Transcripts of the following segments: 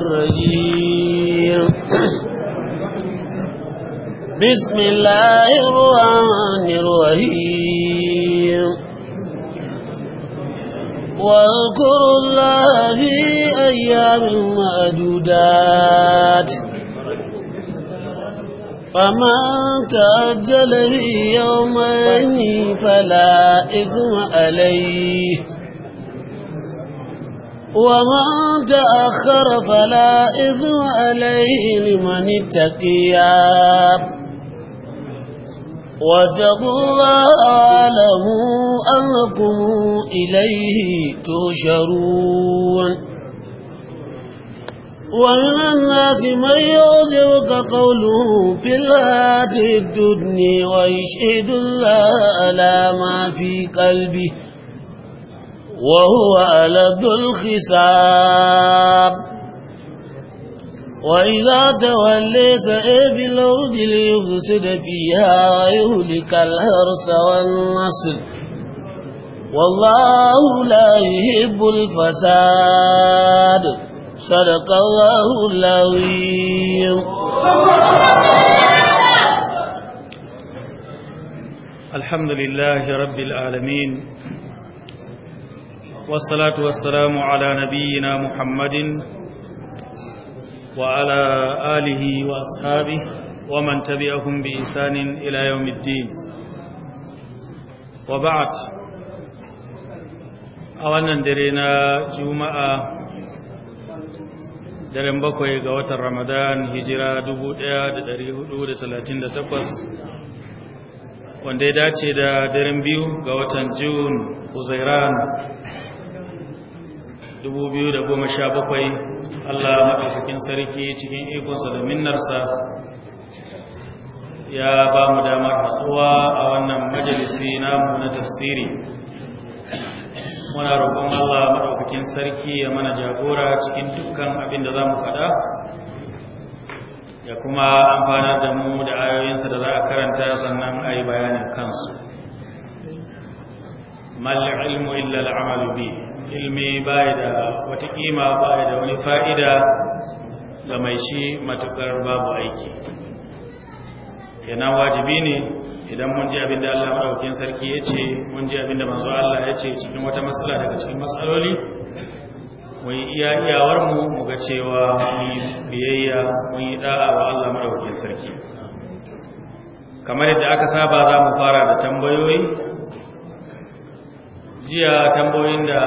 الرجيم بسم الله الرحمن الرحيم واذكروا الله في أيام معدودات فمن تعجل في يومين فلا إثم عليه ومن تأخر فلا إثم عليه لمن اتقيا واتقوا الله واعلموا أنكم إليه تشرون ومن الناس من يعجبك قوله في الهاتف الدني ويشهد الله على ما في قلبه وهو ألد الخساب وإذا تولي سئب الأرض ليفسد فيها ويهلك الهرس والنصر والله لا يحب الفساد صدق الله العظيم الحمد لله رب العالمين والصلاة والسلام على نبينا محمد وعلى آله وأصحابه ومن تبعهم بإحسان إلى يوم الدين وبعد أولا درينا جمعة daren bakwai ga watan ramadan hijira 1438 wanda ya dace da daren biyu ga watan Jun Uzairan 2017 Allah maɗaukakin sarki cikin ikonsa da minnarsa ya ba mu damar hatsuwa a wannan majalisi namu na tafsiri muna roƙon Allah maɗaukakin sarki ya mana jagora cikin dukkan abin da za mu faɗa ya kuma amfana da mu da ayoyinsa da za a karanta sannan a yi bayanin kansu Mallin ilmu illa al'amalu bihi ilmi bai da wata kima bai da wani fa'ida ga mai shi matukar babu aiki kenan wajibi ne idan mun ji abinda Allah madaukakin sarki ya ce mun ji abinda manzo Allah ya ce cikin wata matsala daga cikin matsaloli mun iya iyawar mu mu ga cewa mun yi biyayya mun yi da'a wa Allah madaukakin sarki kamar yadda aka saba za mu fara da tambayoyi jiya tambayoyin da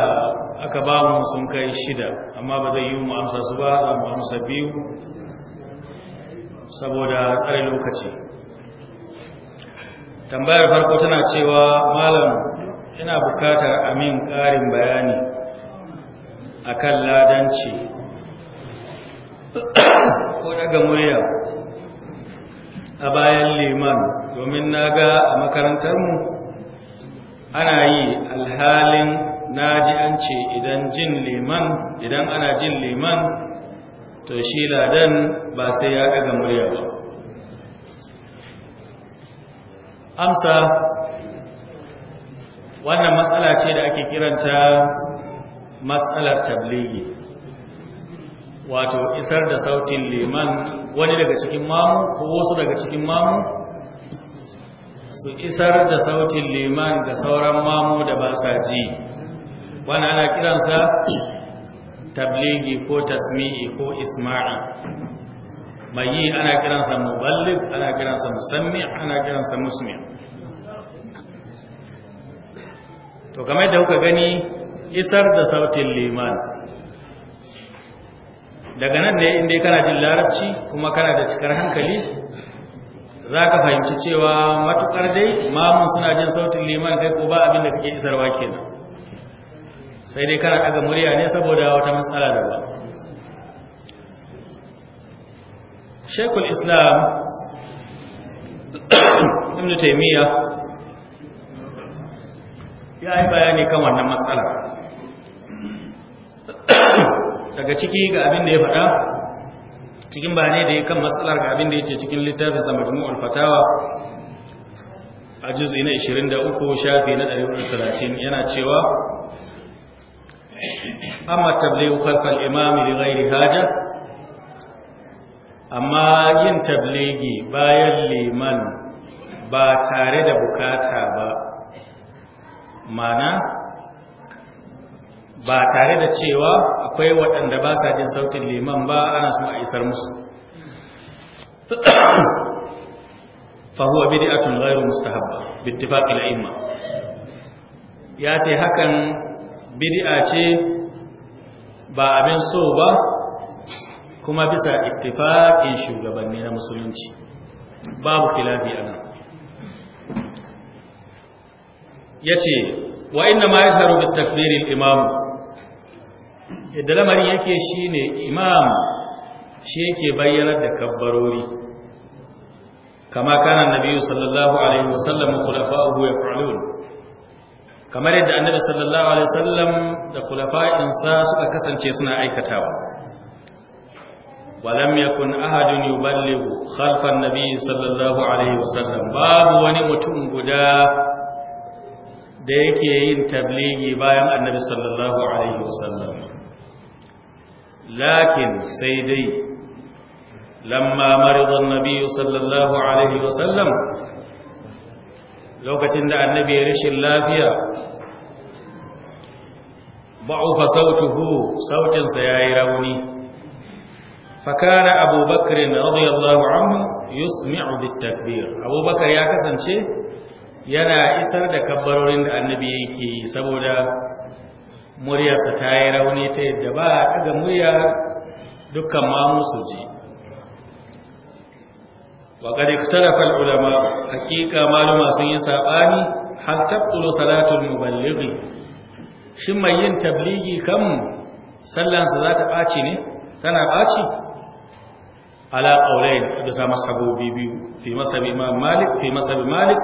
aka ba mu sun kai shida amma ba zai yi mu amsa su ba za amsa biyu saboda tsare lokaci tambayar farko tana cewa malam ina bukatar amin ƙarin bayani akan ladanci ko daga murya a bayan liman domin na ga a makarantarmu ana yi alhalin naji an ce idan jin liman idan ana jin liman to shi ladan ba sai ya ga murya ba amsa wannan matsala ce da ake kiranta matsalar tabligi wato isar da sautin liman wani daga cikin mamu ko wasu daga cikin mamu su isar da sautin liman ga sauran mamu da ba sa ji wani ana kiransa tabligi ko tasmi'i ko isma'i mai yi ana kiransa muballib ana kiransa musammi ana kiransa musmi to kama da kuka gani isar da sautin liman daga nan ne inda kana jin larabci kuma kana da cikar hankali za ka fahimci cewa matukar dai mamun suna jin sautin liman kai ko ba abin da kake isarwa kenan sai dai kana daga murya ne saboda wata matsala da ba shekul islam ibn taimiyya ya yi bayani kan wannan matsala daga ciki ga abin da ya faɗa cikin bayanai da ya kan matsalar ga abin da ya ce cikin littafin samarin alfatawa a juzi na 23 shafi na 130 yana cewa amma tablighu khalfal imami da gairi haja amma yin tabligi bayan liman ba tare da bukata ba mana ba tare da cewa akwai waɗanda ba sa jin sautin liman ba ana so a isar musu fahuwa bid'atun ghairu mustahabba bittifaqi al ima. ya ce hakan bid'a ce ba abin so ba kuma bisa ittifaƙin shugabanni na musulunci babu khilafi Ya yace wa ina ma yadharu bit imam yadda lamarin yake shi ne imam shi yake bayyanar da kabbarori kama kanan nabi sallallahu alaihi wasallam khulafa'uhu yaf'alun kamar yadda annabi sallallahu alaihi wasallam da khulafa'insa suka kasance suna aikatawa ولم يكن أحد يبلغ خلف النبي sallallahu alaihi عليه وسلم باب وني متون غدا da yake yin tabligi bayan annabi sallallahu alaihi wasallam lakin sai dai lamma maridan nabi sallallahu alaihi wasallam lokacin da annabi ya rashin lafiya ba'ufa sautuhu sautinsa yayi rauni fakara abubakar radiyallahu anhu yusmi'u bitakbir abubakar ya kasance yana isar da kabbarorin da annabi yake saboda muryarsa ta yi rauni ta yadda ba a ɗaga murya dukkan mamu su ji wa ƙari tarafar ulama hakika maluma sun yi saɓani har taɓulu salatun muballiri shi mai yin tabligi kan sallansa za ta ɓaci ne tana ɓaci ala ƙaulayin bisa masabobi biyu fi masabi malik fi masabi malik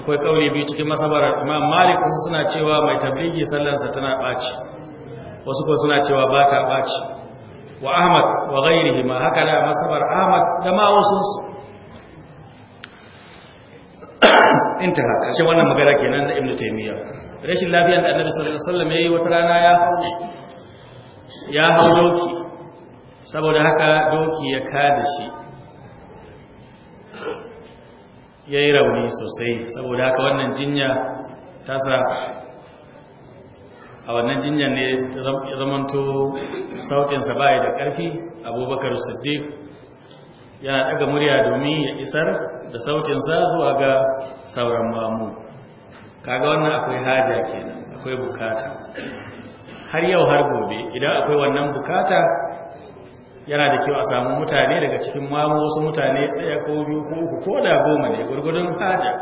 akwai kauli biyu cikin masabar imam malik wasu suna cewa mai tabligi sallarsa tana ɓaci wasu ko suna cewa ba ta ɓaci wa ahmad wa ghairihi ma haka da masabar ahmad da ma wasu intaha karshen wannan magana kenan da ibnu taymiya rashin lafiyar da annabi sallallahu alaihi wasallam yayi wata rana ya ya hau doki saboda haka doki ya kada shi ya yi rauni sosai saboda haka wannan jinya tasa a wannan jinyar ne ya zamanto sautinsa baya da ƙarfi abubakar siddiq yana daga murya domin ya isar da sautinsa zuwa ga sauran mamu kaga wannan akwai haja kenan akwai bukata har yau har gobe idan akwai wannan bukata yana da kyau a samu mutane daga cikin mamu wasu mutane ɗaya ko biyu ko uku ko da goma ne gurgudun haja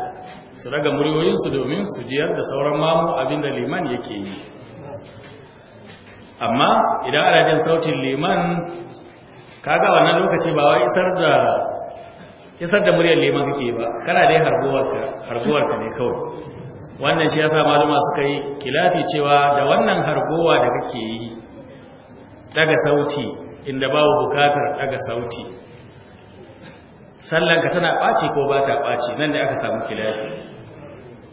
su raga muryoyinsu domin su jiyar da sauran mamu abin da liman yake yi amma idan ana jin sautin liman kaga wannan lokaci ba wai isar da isar da muryar liman kake ba kana dai harbuwarka harbuwarka ne kawai wannan shi yasa maluma suka yi kilafi cewa da wannan harbuwa da kake yi daga sauti inda babu bukatar daga sauti sallanka tana ɓaci ko ba ta ɓaci nan da aka samu kilafi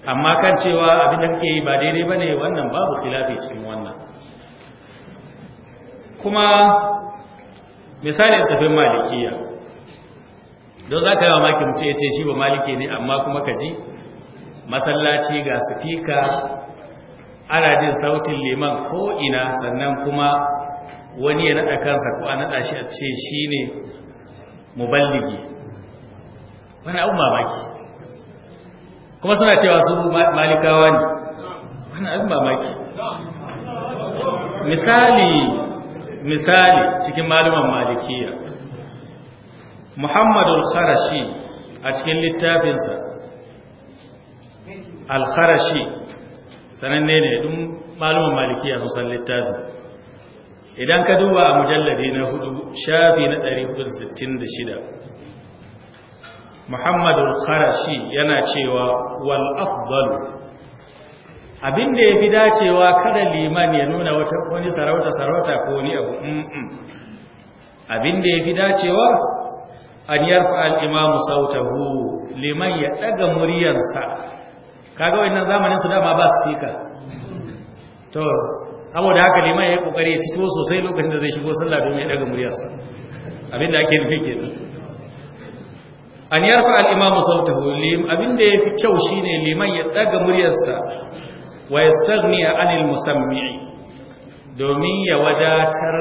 amma kan cewa abin da kake yi ba daidai ba ne wannan babu kilafi cikin wannan kuma misalin tafin malikiya don za ka yi wa maki mutu ya ce shi ba maliki ne amma kuma ka ji masallaci ga sufika ana jin sautin liman ina sannan kuma wani ya naɗa kansa ko a naɗa shi a ce shi ne muballigi wani abu mamaki kuma suna cewa su malikawa ne wani abu mamaki misali misali cikin maluman malikiya Muhammadu al kharashi a cikin littafinsa al-kharashi sananne ne dun maluman malikiya su san littafin idan ka duba a mujalladi na hudu shafi na 466 muhammadu karashi yana cewa wal afdalu abin ya fi dacewa kada liman ya nuna wani sarauta-sarauta ko wani abu Abinda ya fi dacewa an yarfa al'imamu sautahu liman ya ɗaga muryarsa kaga wani zamanin su dama ba su fika to saboda haka liman ya yi kokari ya cito sosai lokacin da zai shigo sallah domin ya daga muryarsa abin da ake nufi kenan an yarfa al-imamu sautahu lim abin da yafi kyau shine liman ya daga muryarsa wa yastaghni anil musammi'i domin ya wadatar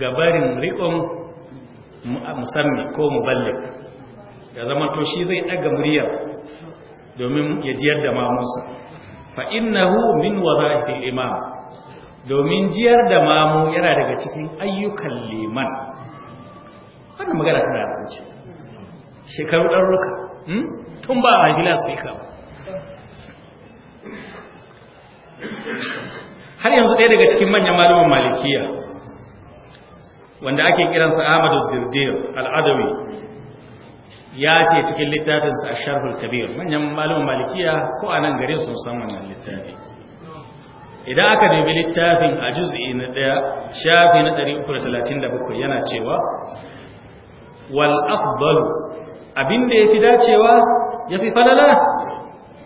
gabarin riƙon musammi ko muballigh ya zama to shi zai daga muryar domin ya jiyar da mamunsa. fa innahu min wadha'il imam domin jiyar da mamu yana daga cikin ayyukan liman wannan magana ta da wuce shekaru ɗarruka hmm? tun ba a gila sai ka har yanzu ɗaya daga cikin manyan malumin malikiya wanda ake kiransa ahmadu zirdir al'adawi ya ce cikin littafinsa a sharhul kabir manyan malumin malikiya ko a nan gare sun san wannan littafi idan aka dubi littafin a juz'i na daya shafi na 337 yana cewa wal afdalu abinda yafi dacewa yafi falala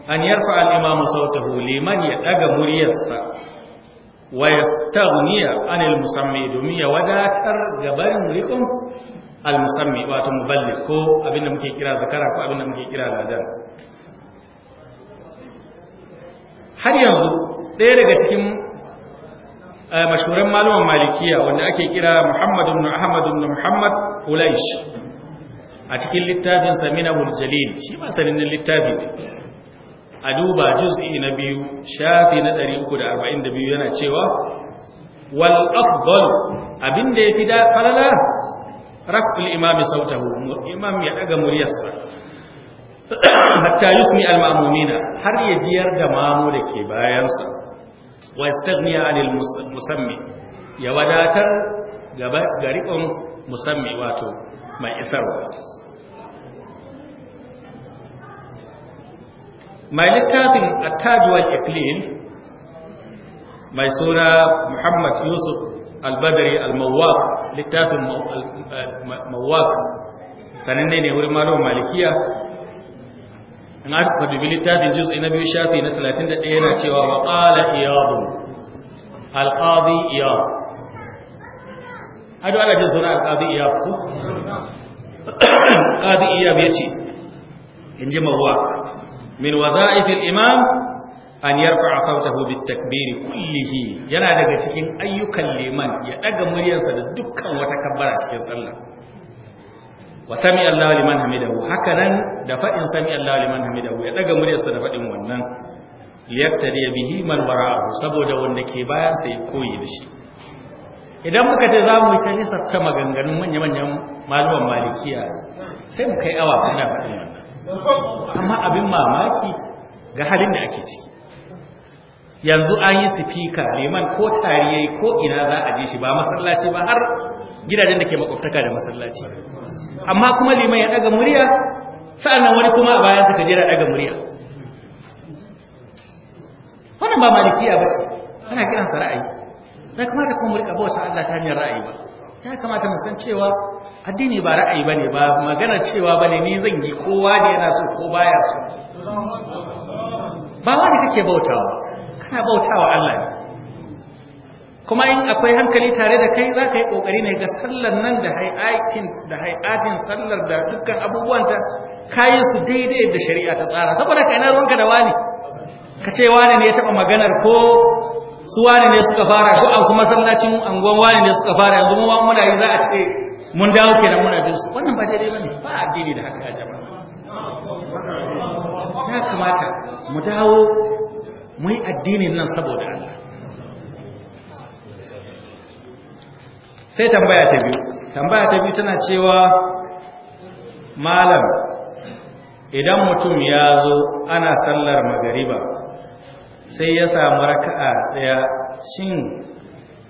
an yarfa al imamu sautahu liman ya daga muryarsa wa yastaghniya an al musammi domin ya wadatar gaban rikon al musammi wato muballigh ko abinda muke kira zakara ko abinda muke kira ladan har yanzu ɗaya daga cikin eh, mashhuran malaman malikiya wanda ake kira Muhammadu ibn Ahmadu ibn Muhammad Qulaish a cikin littafin Samina Jalil shi ma sanannen littafi ne a duba juz'i na biyu shafi na 342 yana cewa wal afdal abinda yafi da falala raf'ul imami sautahu imam ya daga muryarsa hatta yusmi al-ma'mumina har ya jiyar da mamu da ke bayansa wa 'anil musammi ya wadatar gaba garikon musammi wato mai isarwa mai littafin attajuwal iklil mai suna muhammad yusuf albadari almawak littafin mawak sananne ne wurin malon malikiya in har ka bi littafin juz'i na biyu shafi na 31 yana cewa wa qala iyadun alqadi iyad ado ana jin sunan alqadi ku? ko qadi iyad ce. in ji mawwa min waza'if al-imam an yarfa sautahu takbiri kullihi yana daga cikin ayyukan liman ya ɗaga muryarsa da dukkan wata kabbara cikin sallah wa sami Allah liman hamidahu haka nan da faɗin sami Allah liman hamidahu ya daga muryarsa da fadin wannan liyaktari bihi man wara'ahu saboda wanda ke bayan sai ya koyi da shi idan muka ce zamu yi talisa ta maganganun manyan manyan malaman malikiya sai mu kai awa kana fadin wannan amma abin mamaki ga halin da ake ciki yanzu an yi sifika liman ko tariye ko ina za a ji shi ba masallaci ba har gidajen da ke makwabtaka da masallaci amma kuma liman ya daga murya nan wani kuma a bayan suka jera daga murya wannan ba malikiya ba ce ana kiransa ra'ayi na kamata kuma mu rika bauta Allah ta hanyar ra'ayi ba ya kamata mu san cewa addini ba ra'ayi bane ba magana cewa bane ni zan yi kowa da yana so ko baya so ba wani kake bautawa kana bautawa Allah kuma in akwai hankali tare da kai za ka yi ƙoƙari ne ga sallar nan da hai'akin da sallar da dukkan abubuwanta kayan su daidai da shari'a ta tsara saboda ka ina ruwanka da wani ka ce wani ne ya taɓa maganar ko su wani ne suka fara ko a su masallacin anguwan wani ne suka fara yanzu mu muna yi za a ce mun dawo kenan muna bin su wannan ba daidai ba ne, ba addini da haka jama'a ya kamata mu dawo mai addinin nan saboda Allah sai tambaya ta biyu tambaya ta biyu tana cewa malam idan mutum ya zo ana sallar magariba sai ya samu raka'a daya shin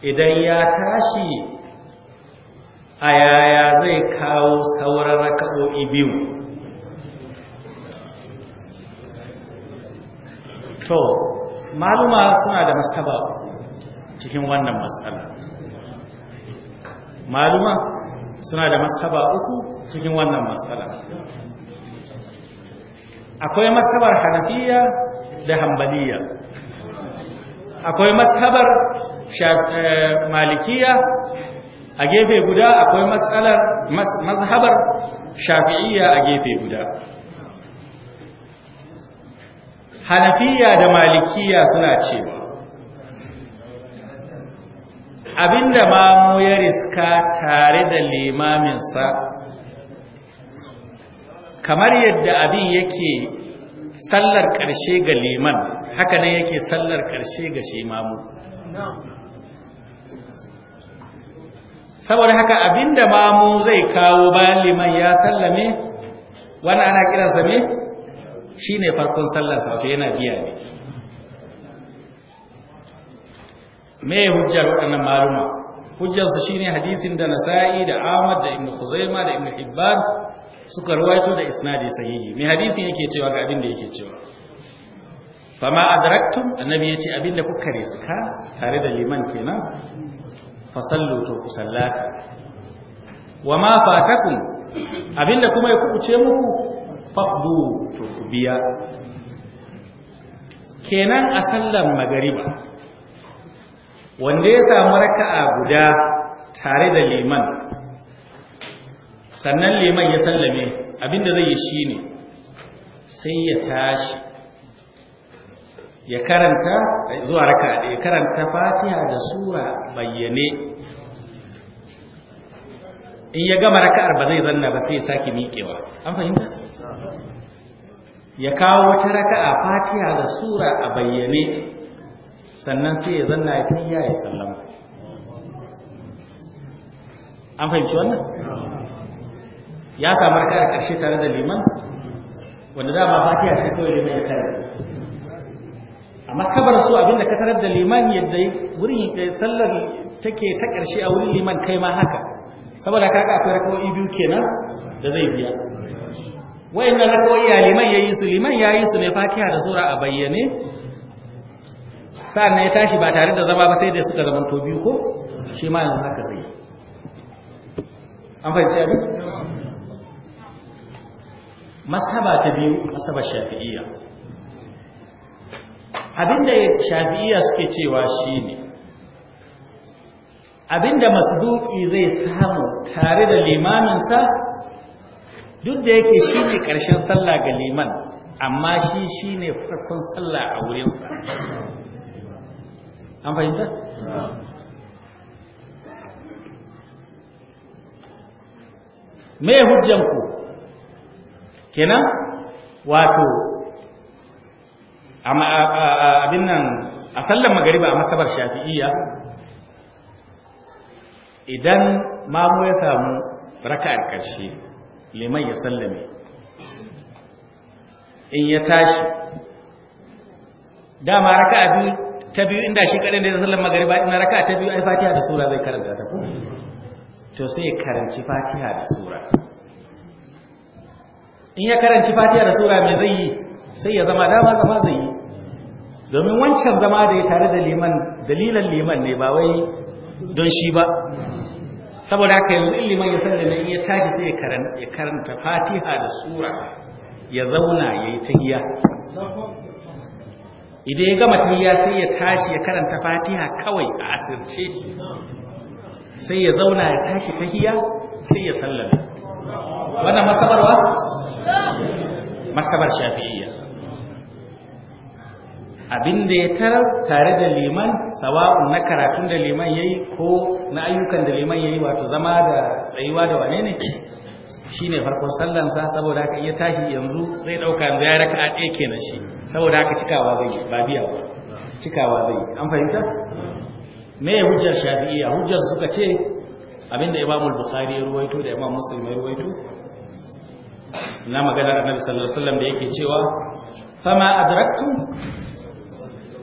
idan ya tashi a yaya zai kawo sauran raka'o'i biyu to maluma suna da mastaba cikin wannan matsala maluma suna da mastaba uku cikin wannan matsala akwai mastabar hanafiya da hambaliya akwai mastabar eh, malikiya a gefe guda akwai mazhabar shafi'iyya a gefe guda hanafiya da malikiya suna cewa abinda ma ya riska tare da limaminsa kamar yadda abin yake sallar ƙarshe ga liman haka ne yake sallar ƙarshe ga shi mamu saboda haka abinda mamu zai kawo bayan liman ya sallame wani ana kiransa me? shine farkon sallar sa yana biya ne me hujjar waɗannan maluma hujjar shi shine hadisin da Nasa'i da Ahmad da Ibn Khuzaimah da Ibn Hibban suka rawaito da isnadi sahihi me hadisin yake cewa ga abin da yake cewa fama adraktum annabi yace abin da kuka riska tare da liman kenan fasallu to ku sallata wama fatakum abinda kuma ya kuce muku faɗo to ku biya kenan a sallar magariba wanda ya samu raka'a guda tare da liman sannan liman ya sallame abinda zai yi shine sai ya tashi ya karanta eh, zuwa raka'a da ya karanta fatiha da sura bayyane in ya gama raka'ar ba zai zanna ba sai ya sake miƙewa an fahimta ya kawo wata raka'a fatiha da sura a bayyane sannan sai ya zanna ya tayya ya sallama an fahimci wannan ya samu raka'a karshe tare da liman wanda dama fatiha shi kawai liman ya kare amma kabar su abinda ka tarar da liman yadda wurin sallar take ta karshe a wurin liman kai ma haka saboda kaga akwai rakawoyi biyu kenan da zai biya wayannan rakawoyi ya liman yayi su liman yayi su ne fatiha da sura a bayyane sa'annan ya tashi ba tare da zama ba sai da suka zama to biyu ko shi ma yanzu haka zai an fahimci abin masaba ta biyu masaba shafi'iyya abinda shafi'iyya suke cewa shine abinda masduki zai samu tare da limaminsa duk da yake shi ne ƙarshen sallah ga liman amma shi shi ne farkon sallah a wurinsa an fahimta? mai hujjanku kenan wato abin nan a sallar magariba a masabar shafi'iyya idan mamu ya samu raka'ar ƙarshe liman ya sallame in ya tashi dama raka'a biyu ta biyu inda shi kadan da ya sallar magariba ina raka'a ta biyu ai fatiha da sura zai karanta ta ko to sai ya karanci fatiha da sura in ya karanci fatiha da sura me zai yi sai ya zama dama zama zai yi domin wancan zama da ya tare da liman dalilan liman ne ba wai don shi ba saboda haka yanzu in liman ya sallame mai ya tashi sai ya karanta fatiha da sura ya zauna ya yi tahiya idan ya gama tahiya sai ya tashi ya karanta fatiha kawai a asirce sai ya zauna ya tashi tahiya sai ya sallame wannan masabarwa masabar shafi'iyya abin da ya tarar tare da liman sawa'u na karatun da liman yayi ko na ayyukan da liman yayi wato zama da tsayuwa da wane ne shine farkon sallan sa saboda haka iya tashi yanzu zai dauka yanzu ya raka a ɗaya kenan shi saboda haka cikawa zai ba biya ba cikawa zai an fahimta me hujjar shafi'iyya hujjar suka ce Abin da imamul bukhari ya ruwaito da imam muslim ya ruwaito na maganar annabi sallallahu alaihi wasallam da yake cewa fama adraktu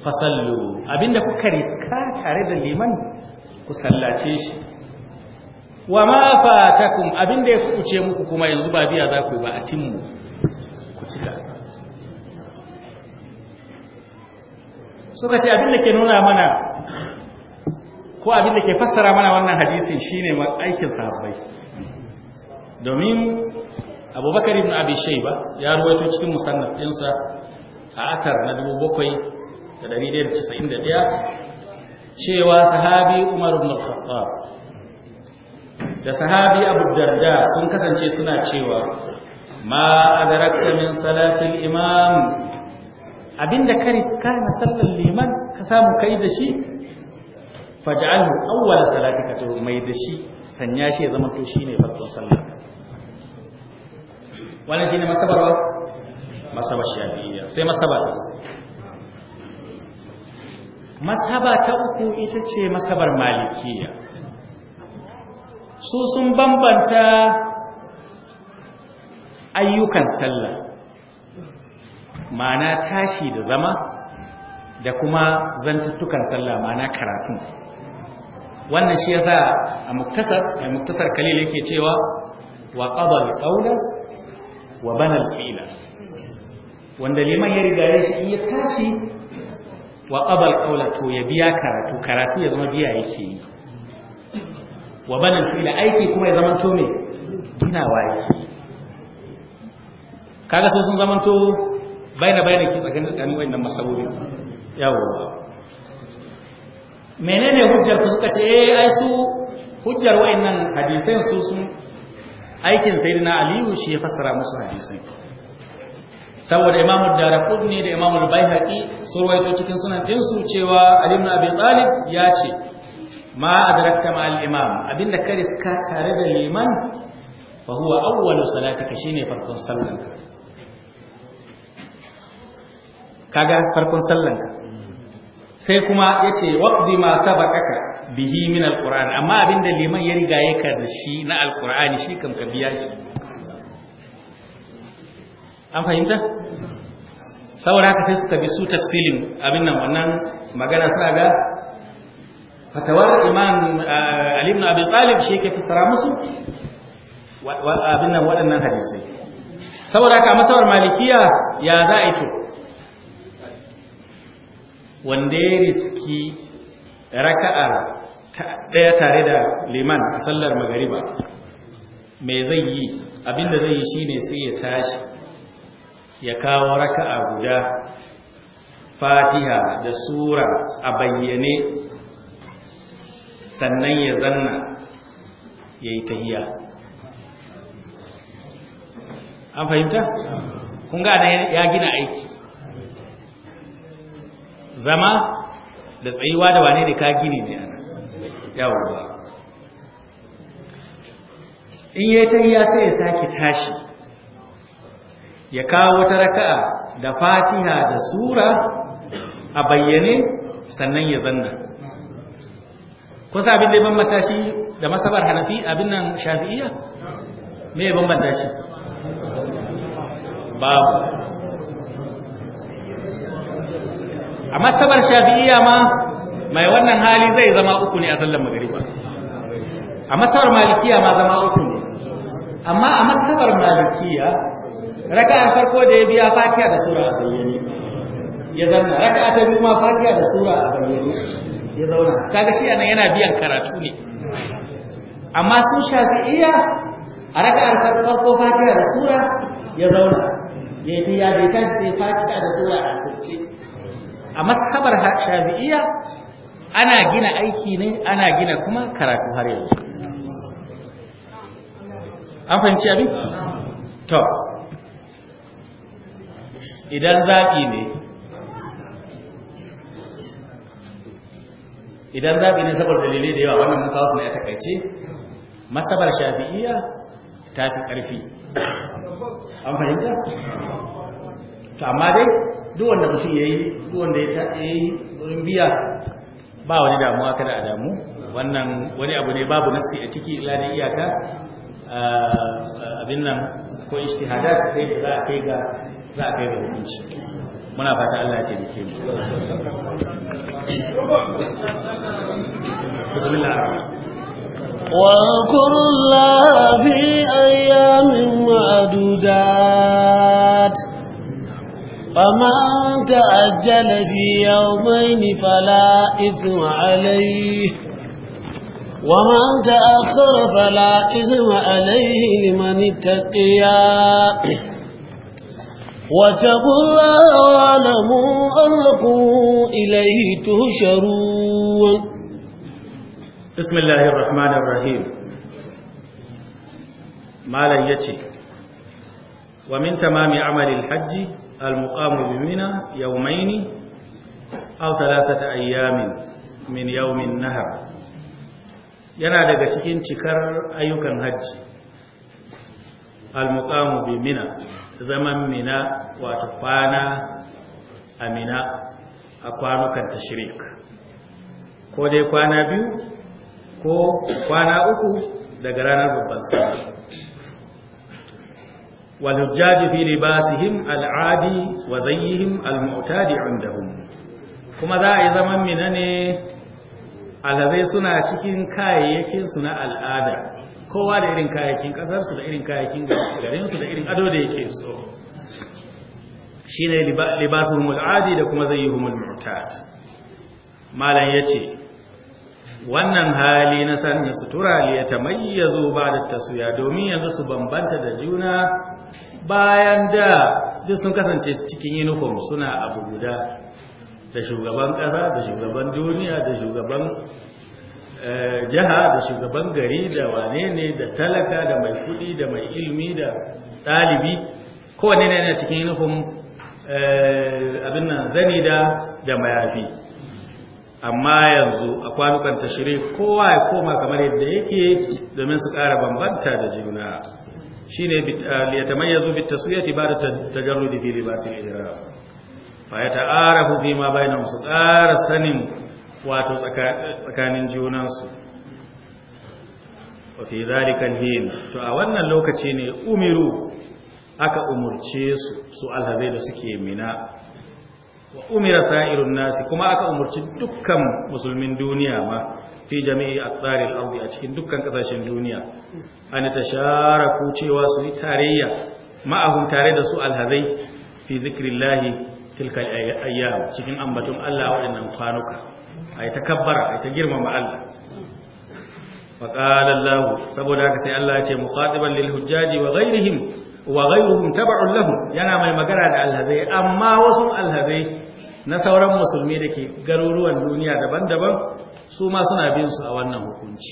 fasallu abinda kuka riska tare da liman ku sallace shi wa ma fatakum abinda ya kuce muku kuma yanzu ba biya za ku yi ba a timmu ku cika suka ce abinda ke nuna mana ko abinda ke fassara mana wannan hadisin shine aikin sahabbai domin abubakar ibn abi shayba ya ruwaito cikin musannaf a atar na 7,000 191 cewa sahabi Umar ibn al-Khattab da sahabi Abu Darda sun kasance suna cewa ma adarakta min salatil imam abinda ka riska na sallar liman ka samu kai da shi faj'alhu awwal salatika to mai da shi sanya shi ya zama to shine farkon sallar wannan shine masabar masabar shafi'iyya sai masabar mazhaba ta uku ita ce masabar malikiya su sun bambanta ayyukan sallah mana tashi da zama da kuma zantuttukan sallah mana karatun wannan shi za a muktasar a muktasar kalil yake cewa wa ƙabar al wa banar fila wanda liman ya riga shi in ya tashi wa abal qawla to ya biya karatu karatu ya zama biya yake yi wa banal ila aiki kuma ya zama to me ginawa yake kaga so sun zama to baina baina ke tsakanin tsakanin wayannan masabobi yawa menene hujjar ku suka ce eh ai su hujjar wayannan hadisan su sun aikin sayyidina aliyu shi ya fassara musu hadisan saboda imamu ne da imamu baihaqi sun rawaito cikin sunan ɗinsu cewa ali abin ya ce ma darakta ma al’imam abinda ka suka tare da liman fa huwa awwalu salatika shine farkon sallanka kaga farkon sallanka sai kuma yace waɗi ma sabaqaka bihi min al amma abinda liman ya riga ya shi na al shi kam ka biya shi an fahimta saboda haka sai su tabi su tafsilin abin nan wannan magana suna ga fatawar iman alimna abin talib shi yake fassara musu abin nan waɗannan hadisai saboda haka masawar malikiya ya za a ito wanda ya riski raka'a ɗaya tare da liman a sallar magariba mai zai yi abinda zai yi shi ne sai ya tashi ya kawo raka a guda fatiha da sura a bayyane sannan ya zanna ya yi tahiya an fahimta? kun gane ya gina aiki zama da tsayuwa da wane ne ka gini ne ana yawon ba in yi tahiya sai ya sake tashi ya kawo wata raka'a da fatiha da sura a bayyane sannan ya zanna kusa abin da ya bambanta shi da masabar hanafi abin nan shafi'iyya me ya bambanta shi babu a masabar shafi'iyya ma mai wannan hali zai zama uku ne a sallar magariba a masabar malikiya ma zama uku ne amma a masabar malikiya raka'a farko da ya biya fatiha da sura a bayyane ya zauna raka'a ta biyu ma fatiha da sura a bayyane ya zauna kaga shi anan yana biyan karatu ne amma sun shafi'iyya a raka'ar farko fatiha da sura ya zauna ya yi ya bai tashi sai fatiha da sura a sirce a mashabar shafi'iyya ana gina aiki ne ana gina kuma karatu har yanzu an fahimci abin to idan zaɓi ne idan zaɓi ne saboda dalilai da yawa wannan mun kawo su ne a takaice masabar shafi'iyya ta fi ƙarfi an fahimta to amma dai duk wanda mutum ya yi duk wanda ya yi wurin biya ba wani damuwa kada a damu wannan wani abu ne babu nassi a ciki ila iyaka ah, ah, abin nan ko ta sai da za a kai ga za a kai ga hukunci muna fata Allah ya taimake mu bismillah واذكروا الله في أيام معدودات فمن تأجل في يومين فلا إثم عليه ومن تأخر فلا إثم عليه لمن اتقيا واتقوا الله واعلموا أنكم إليه تهشرون بسم الله الرحمن الرحيم ما لن يتي ومن تمام عمل الحج المقام بمنى يومين أو ثلاثة أيام من يوم النهر yana daga cikin cikar ayyukan hajji al-muqamu bi mina zaman mina wato kwana a mina a kwanukan tashirik ko dai kwana biyu ko kwana uku daga ranar babban sallah والحجاج في لباسهم العادي وزيهم المعتاد عندهم kuma za a yi zaman mina ne alazai suna cikin kayayyakin su na al'ada kowa da irin kayakin kasarsu da irin kayakin garinsu da irin ado da yake so shi ne libasuhumul adi da kuma zai yi zayyuhumul mu'tad malam ce wannan hali na sanya sutura zo ba da taswiya domin yanzu su bambanta da juna bayan da duk sun kasance cikin uniform suna abu guda da shugaban ƙasa, da shugaban duniya da shugaban Eh, jiha da shugaban gari da wane ne da talaka da mai kudi da mai ilmi da ɗalibi kowane ne yana cikin nufin eh, abin nan zani da da mayafi amma yanzu a kwanukan tashiri kowa ya koma kamar yadda yake domin su ƙara bambanta da juna Shi shine eh, ya tamayyazu ta taswiyati ba da su yi libasil ba fa yata'arafu fi ma bainahum su ƙara sanin wato tsakanin junansu wafi zarikan hin to a wannan lokaci ne umiru aka umurce su su alhazai da suke mina wa umira sa'irun nasi kuma aka umurci dukkan musulmin duniya ma fi jami'i a tsarin ardi a cikin dukkan kasashen duniya ana ta share ku cewa su yi tarayya ma'ahun tare da su alhazai fi zikrillahi tilkal ayyam cikin ambatun Allah waɗannan kwanuka ai ta kabbara ai ta girmama Allah fa saboda haka sai Allah ya ce muqatiban lil hujjaji wa ghayrihim wa ghayruhum tab'un yana mai magana da alhazai amma wasu alhazai na sauran musulmi da ke garuruwan duniya daban-daban su ma suna bin su a wannan hukunci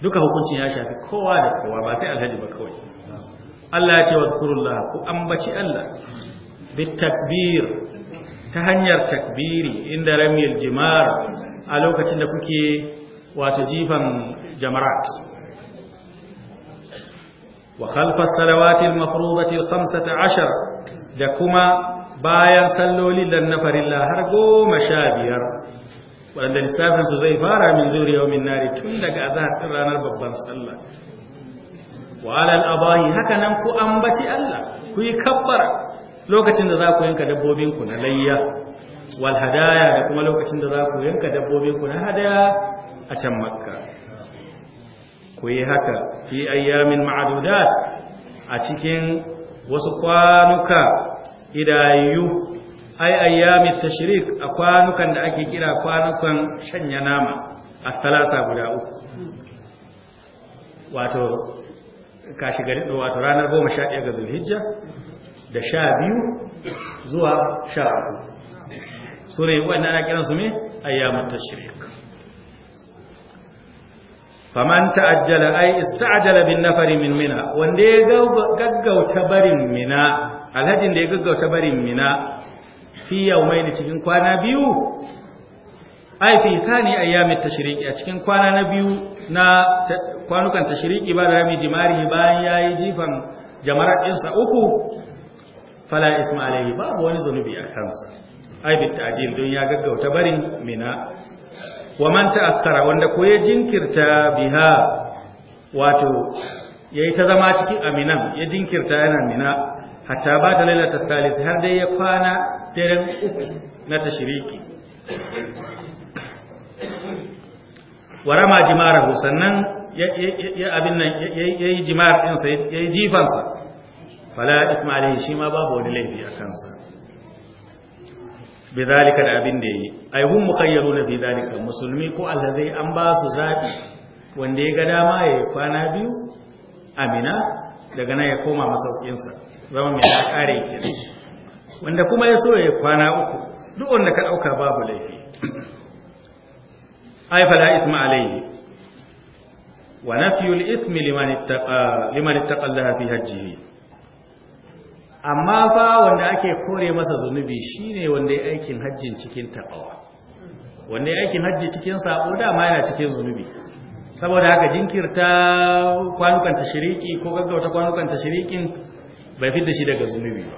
duka hukuncin ya shafi kowa da kowa ba sai alhaji ba kawai Allah ya ce wa ku ambaci Allah bitakbir ta hanyar takbiri inda ramil jimar a lokacin da kuke wato jifan jamarat wa khalfa salawati al 15 da kuma bayan salloli dan nafarilla har goma sha biyar waɗanda lissafin su zai fara min zuri yawmin nari tun daga azhar ranar babban sallah wa alal abahi haka nan ku ambaci Allah ku yi kabbara lokacin da za ku yanka dabbobinku na layya wal hadaya da kuma lokacin da za ku yanka dabbobinku na hadaya a can makka ku yi haka fi ayyamin ma'adudat a cikin wasu kwanuka idayu ai ayyami tashrik a kwanukan da ake kira kwanukan shanya nama a salasa guda uku wato kashi gari wato ranar 11 ga zulhijja da sha biyu zuwa sha uku sura yi waɗanda na kiransu ne ayyamun tashirik faman ta'ajjala ay ista'jala bin nafari min mina wanda ya gaggauta barin mina alhajin da ya gaggauta barin mina fi da cikin kwana biyu ay fi thani ayyamit tashriqi a cikin kwana na biyu na kwanukan tashriqi ba da rami jimarihi bayan yayi jifan jama'ar ɗinsa uku fala ismu alayhi babu wani zunubi a kansa ai bi ta'jil don ya gaggauta barin mina wa man ta'akkara wanda ko ya jinkirta biha wato yayi ta zama cikin aminan ya jinkirta yana mina hatta ba ta lailata har dai ya kwana daren uku na tashriki wa rama jimarahu sannan ya abin nan yayi jimar din sai yayi jifansa fala isma alaihi shi ma babu wani laifi a kansa bi zalika da abin da yi ai hum mukhayyaruna fi zalika musulmi ko alhazai an ba su zabi wanda ya ga dama ya kwana biyu amina daga nan ya koma masaukinsa zama mai ya kare wanda kuma ya so ya kwana uku duk wanda ka dauka babu laifi ai fala ismi alaihi wa nafyul ithmi liman ittaqa liman ittaqa Allah fi hajjihi amma fa wanda ake kore masa zunubi shine wanda ya aikin hajjin cikin taɓawa, wanda ya aikin hajji cikin sabo dama yana cikin zunubi saboda haka jinkirta kwanukan tashiriki ko gaggauta kwanukan tashirikin bai fi da shi daga zunubi ba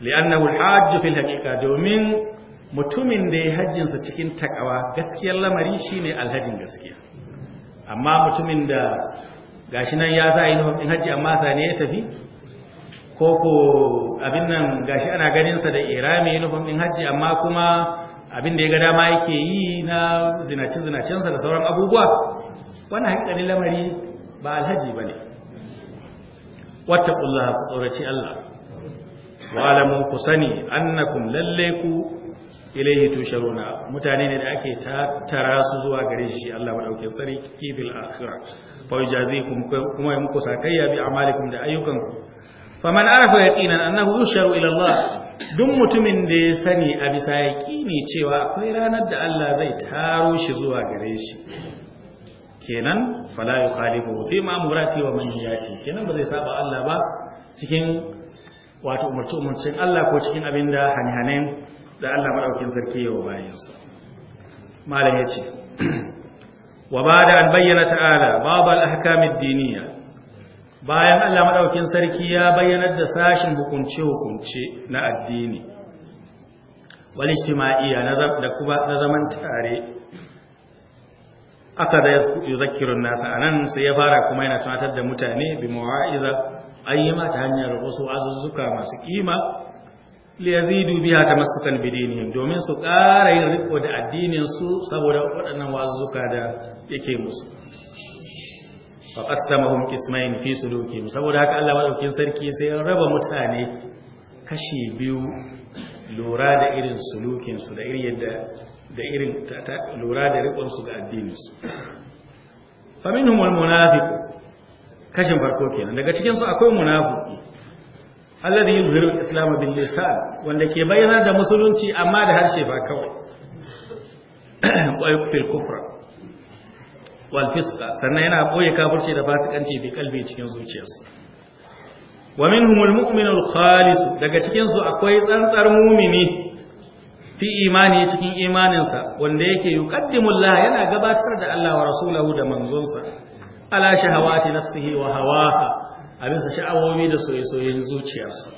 li'annahu al fil haƙiƙa domin mutumin da ya hajjinsa cikin taƙawa, gaskiyar lamari shine alhajin gaskiya amma mutumin da gashi nan ya sa yin hajji amma sane ya tafi ko ko abin nan gashi ana ganinsa da irami yin hukumin hajji amma kuma abin da ya ga dama yake yi na zinacin-zinacinsa da sauran abubuwa wani hankalin lamari ba alhaji ba ne wata ƙulla tsoraci Allah wa'alamu ku sani annakum lalle ku ilaihi tusharuna mutane ne da ake tattara su zuwa gare shi Allah madaukakin ki fil akhirah fa yajazikum kuma yamku sakayya bi amalikum da ayyukanku faman arafa yaqinan annahu yusharu ila Allah duk mutumin da ya sani a bisa yaqini cewa akwai ranar da Allah zai taro shi zuwa gare shi kenan fala yukhalifu fi ma'murati wa manhiyati kenan ba zai saba Allah ba cikin wato umurce umurcin Allah ko cikin abinda hanhanen da Allah maɗaukin sarki yawa bayansa malam ya ce wa ba da an bayyana ta'ala babu al'akamin diniya bayan Allah maɗaukin sarki ya bayyanar da sashin hukunce-hukunce na addini wani ijtima'iyya da kuma na zaman tare aka da ya zakirun nasa a nan sai ya fara kuma yana tunatar da mutane bi mawa'iza ayyama ta hanyar wasu azuzzuka masu kima liyazidu biha tamassukan bidinihim domin su ƙara yin riko da addinin su saboda waɗannan wazuka da yake musu fa qasamahum qismayn fi sulukihim saboda haka Allah madaukakin sarki sai ya raba mutane kashi biyu lura da irin sulukin su da irin yadda da irin lura da rikon su ga addinin su faminhum almunafiq kashin farko kenan daga cikin su akwai munafiqu alladhi yuzhiru al-islam bil lisan wanda ke bayyana da musulunci amma da harshe ba kawai wa kufra wal fisqa sannan yana boye kafirci da fasikanci bi kalbi cikin zuciyarsa wa minhumul al khalis daga cikin su akwai tsantsar mu'mini fi imani cikin imaninsa wanda yake yuqaddimu Allah yana gabatar da Allah wa rasulahu da manzonsa ala shahawati nafsihi wa hawaha a bisa sha'awomi da soye-soyen zuciyarsu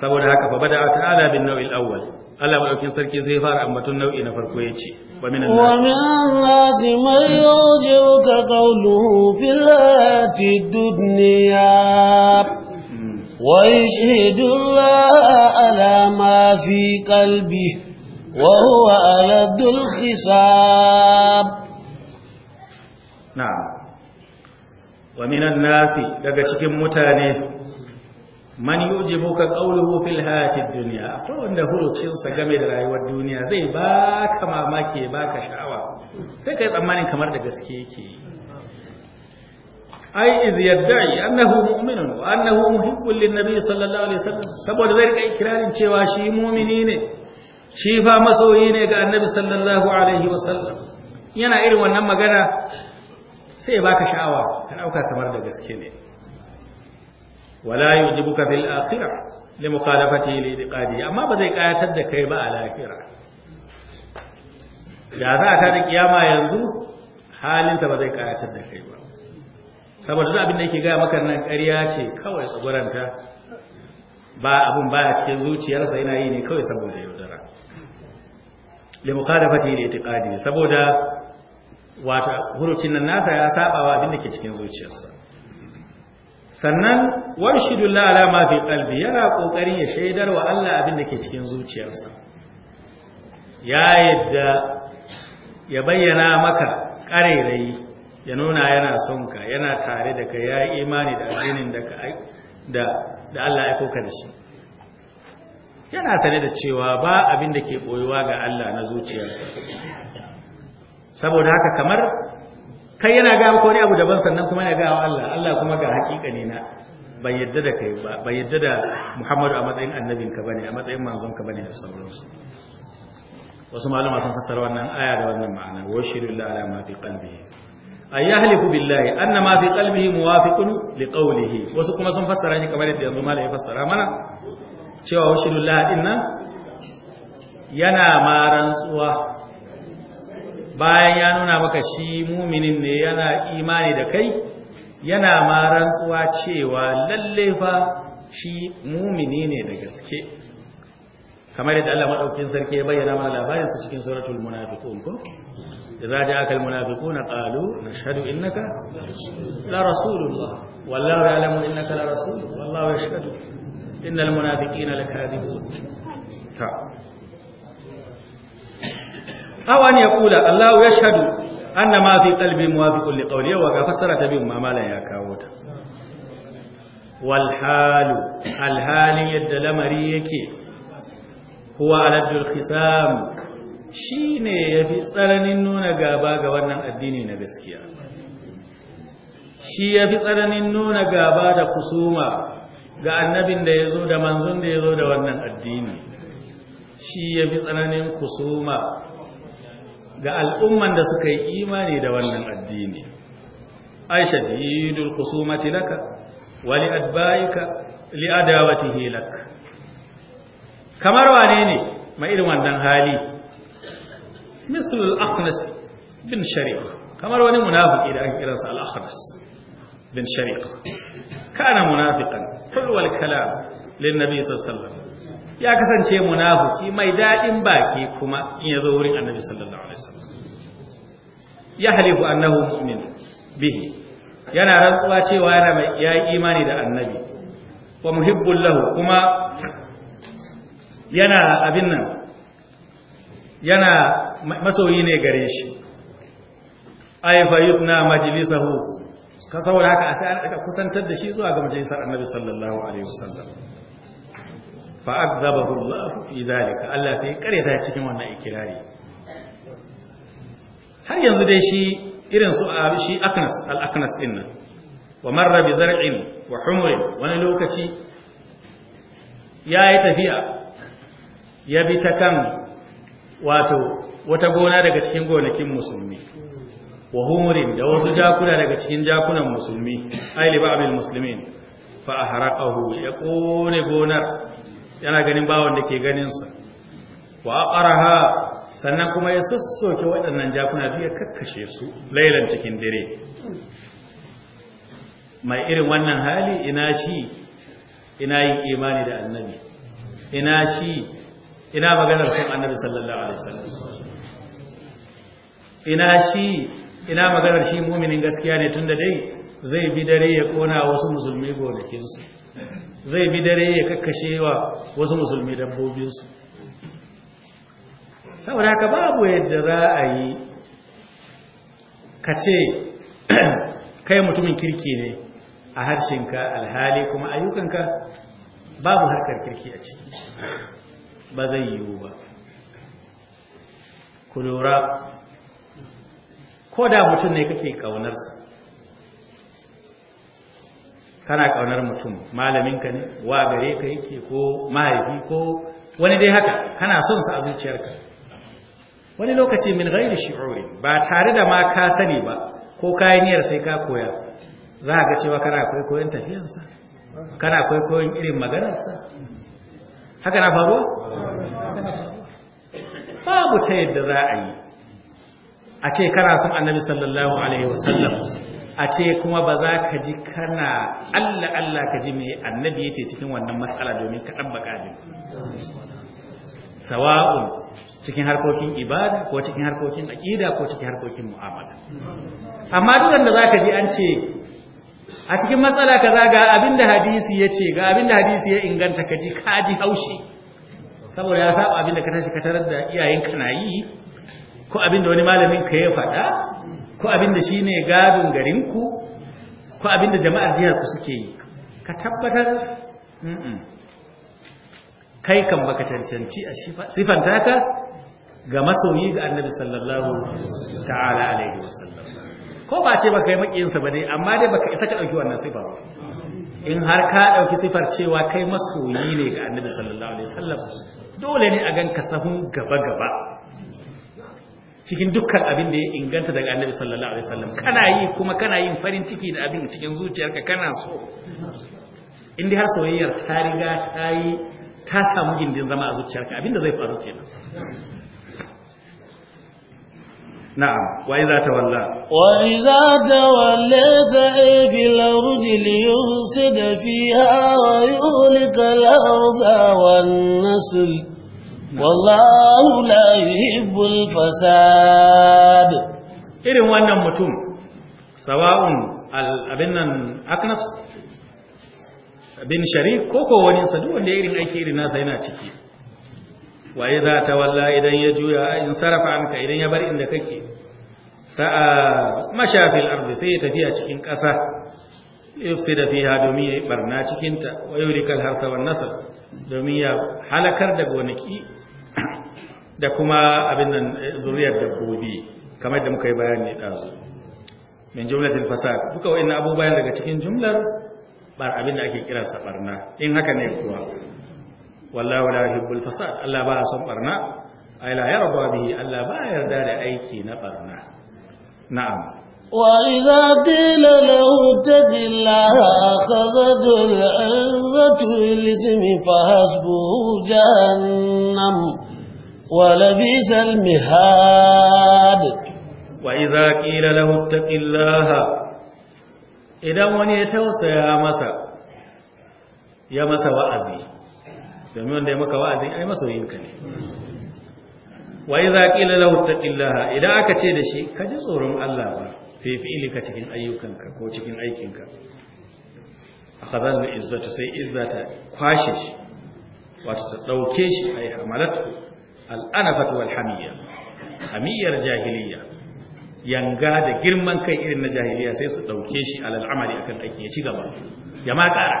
saboda haka fa bada ta'ala bin nau'il awwal Allah madaukin sarki zai fara ambaton nau'i na farko yace wa minan nas wa minan nas man yujibuka qawluhu fil hayati dunya wa yashhadu Allah ala ma fi qalbihi wa huwa aladul hisab na'am wa minan nasi daga cikin mutane man yujibuka qawluhu fil hayatid dunya to wanda hurucin sa game da rayuwar duniya zai baka mamaki baka sha'awa sai kai tsammanin kamar da gaske yake ai iz yadda'i annahu mu'minun wa annahu muhibbun lin nabi sallallahu alaihi wasallam saboda zai rika ikirarin cewa shi mu'mini ne shi fa masoyi ne ga annabi sallallahu alaihi wasallam yana irin wannan magana sai ya baka sha'awa ka dauka kamar da gaske ne wala yujibuka fil akhirah li mukhalafati li iqadi amma ba zai kayatar da kai ba a lafira da za ta da kiyama yanzu halinsa ba zai kayatar da kai ba saboda duk abin da yake gaya maka nan ƙarya ce kawai tsagoranta ba abun baya cikin zuciyarsa yana yi ne kawai saboda yaudara li mukhalafati li iqadi saboda wata hurucin nan nasa ya saba wa abin da ke cikin zuciyarsa sannan warshidullah ala ma fi qalbi yana kokarin ya shaidar wa Allah abin da ke cikin zuciyarsa ya yadda ya bayyana maka karerai ya nuna yana son ka yana tare da ka ya imani da addinin da ka da da Allah ya koka da shi yana sane da cewa ba abin da ke boyuwa ga Allah na zuciyarsa saboda haka kamar kai yana ga ko wani abu daban sannan kuma yana ga wa Allah Allah kuma ga hakika ne na bai yadda da kai ba bai yadda da Muhammadu a matsayin annabin ka bane a matsayin manzon ka bane da sauransu wasu malama sun fassara wannan aya da wannan ma'ana wa shirilla ala ma fi qalbihi ay yahlifu billahi anna ma fi qalbihi muwafiqun li qawlihi wasu kuma sun fassara shi kamar yadda yanzu malama ya fassara mana cewa wa shirilla dinnan yana ma rantsuwa bayan ya nuna maka shi muminin ne yana imani da kai yana ma rantsuwa cewa lalle fa shi mumini ne da gaske kamar yadda Allah madaukakin sarki ya bayyana mana labarin su cikin suratul munafiqun ko idza ja'aka al munafiquna qalu nashhadu innaka la rasulullah wallahu ya'lamu innaka la rasul wallahu yashhadu innal munafiqina lakadibun ta aw an yaqula allahu yashhadu anna ma fi qalbi muwafiqun li qawli wa ga fassara ta bin mamala ya kawo ta wal halu al halin yadda lamari yake huwa aladul khisam shine yafi tsananin nuna gaba ga wannan addini na gaskiya shi yafi tsaranin nuna gaba da kusuma ga annabin da ya zo da manzon da ya zo da wannan addini shi ya fi tsananin kusuma ga al'umman da suka yi imani da wannan addini ai shadidul khusumati laka wa li adbaika li adawatihi lak kamar wane ne mai irin wannan hali al aqnas bin shariq kamar wani munafiki da ake kiransa al-aqnas bin shariq kana munafiqan kullu al-kalam lin nabi sallallahu alaihi wasallam ya kasance munafiki mai daɗin baki kuma in ya zo wurin annabi sallallahu alaihi wasallam ya halifu annahu mu'min bihi yana rantsuwa cewa yana mai yayi imani da annabi wa muhibbul lahu kuma yana abin nan yana masoyi ne gare shi ay na majlisahu saboda haka a sai an kusantar da shi zuwa ga majalisar annabi sallallahu alaihi wasallam fa akzabahu Allah fi zalika Allah sai kareta cikin wannan ikirari har yanzu dai shi irin su a shi aknas al-aknas nan wa marra bi zar'in wa wani lokaci ya yi tafiya ya bi ta kan wato wata gona daga cikin gonakin musulmi wa humurin da wasu jakuna daga cikin jakunan musulmi aili ba'abil muslimin fa ahraqahu ya kone gonar yana ganin bawan da ke ganinsa wa aqaraha sannan kuma ya sassoke waɗannan jakuna biya kakkashe su lailan cikin dare mai irin wannan hali ina shi ina yin imani da annabi ina shi ina maganar son annabi sallallahu alaihi wasallam ina shi ina maganar shi muminin gaskiya ne tunda dai zai bi dare ya kona wasu musulmi gonakinsu zai bi dare ya kakkashe wa wasu musulmi dabbobinsu saboda haka babu yadda za a yi ka ce kai mutumin kirki ne a harshenka alhali kuma ayyukanka babu harkar kirki a ciki ba zai yiwu ba ku lura ko da mutum ne kake kaunarsa. kana kaunar mutum malaminka ne wa gare ka yake ko mahaifi ko wani dai haka kana son sa a zuciyarka wani lokaci min ghairi shi'uri ba tare da ma ka sani ba ko ka yi niyyar sai ka koya za ka cewa kana akwai koyon tafiyarsa kana akwai koyon irin maganarsa haka na faruwa babu ta yadda za a yi a ce kana son annabi sallallahu alaihi wasallam a ce kuma ba za ka ji kana Allah Allah ka ji mai annabi ya ce cikin wannan matsala domin ka tabbaka din sawa'un cikin harkokin ibada ko cikin harkokin aƙida ko cikin harkokin mu'amala amma duk da ka ji an ce a cikin matsala kaza ga abinda hadisi ce, ga abinda hadisi ya inganta ka ka kaji haushi saboda ya saba abinda ka tashi ka tarar da iyayen kana yi ko abinda wani malamin ka ya faɗa ko abin da ne gadon garinku ko abin da jama'ar jihar ku suke yi ka tabbatar kai kan baka cancanci a sifanta ka ga masoyi ga annabi sallallahu ta'ala alaihi wasallam ko ba ce baka yi makiyinsa ba ne amma dai baka isa ka dauki wannan sifa ba in har ka ɗauki sifar cewa kai masoyi ne ga annabi sallallahu alaihi wasallam dole ne a ganka sahun gaba gaba cikin dukkan abin da ya inganta daga annabi sallallahu alaihi wasallam kana yi kuma kana yin farin ciki da abin cikin zuciyarka kana so indai har soyayyar ta riga ta yi ta samu gindin zama a zuciyarka abin da zai faru kenan نعم fi تولى وإذا توليت في wa ليفسد فيها ويهلك الأرض والنسل wallahu la yuhibbul fasad irin wannan mutum sawa'un abin nan aknaf bin sharif ko ko wani sa wanda irin aiki irin nasa yana ciki waye za ta walla idan ya juya in sarrafa anka idan ya bar inda kake sa'a mashafil ardi sai ya tafiya cikin ƙasa yufsida fiha domin yayi barna cikin ta wa yurikal harsa wan nasar, domin ya halakar da gonaki da kuma abin nan eh, zuriyar dabbobi kamar da muka yi bayani dazu min jumlatil fasad duka wayannan abubuwan daga cikin jumlar bar abin da ake kira sa barna in haka ne kuwa wallahu la yuhibbul fasad Allah ba son barna ay la yarda bihi Allah ba yarda da aiki na barna na'am وإذا قيل له اتق الله أخذته العزة بالإثم فحسبه جهنم ولبئس المهاد وإذا قيل له اتق الله idan wani ya tausaya masa ya masa wa'azi domin wanda ya maka wa'azi ai masoyinka ne wa idza qila lahu idan aka ce da shi ka ji tsoron Allah ba fifilinka cikin ayyukanka ko cikin aikinka kazan da izzata sai izzata ta kwashe shi wato ta ɗauke shi yi hamalatu al'anafatu walhamiyyar hamiyyar jahiliya yanga da girman kai irin na jahiliya sai su ɗauke shi alal akan aiki ya ci gaba ya ma kara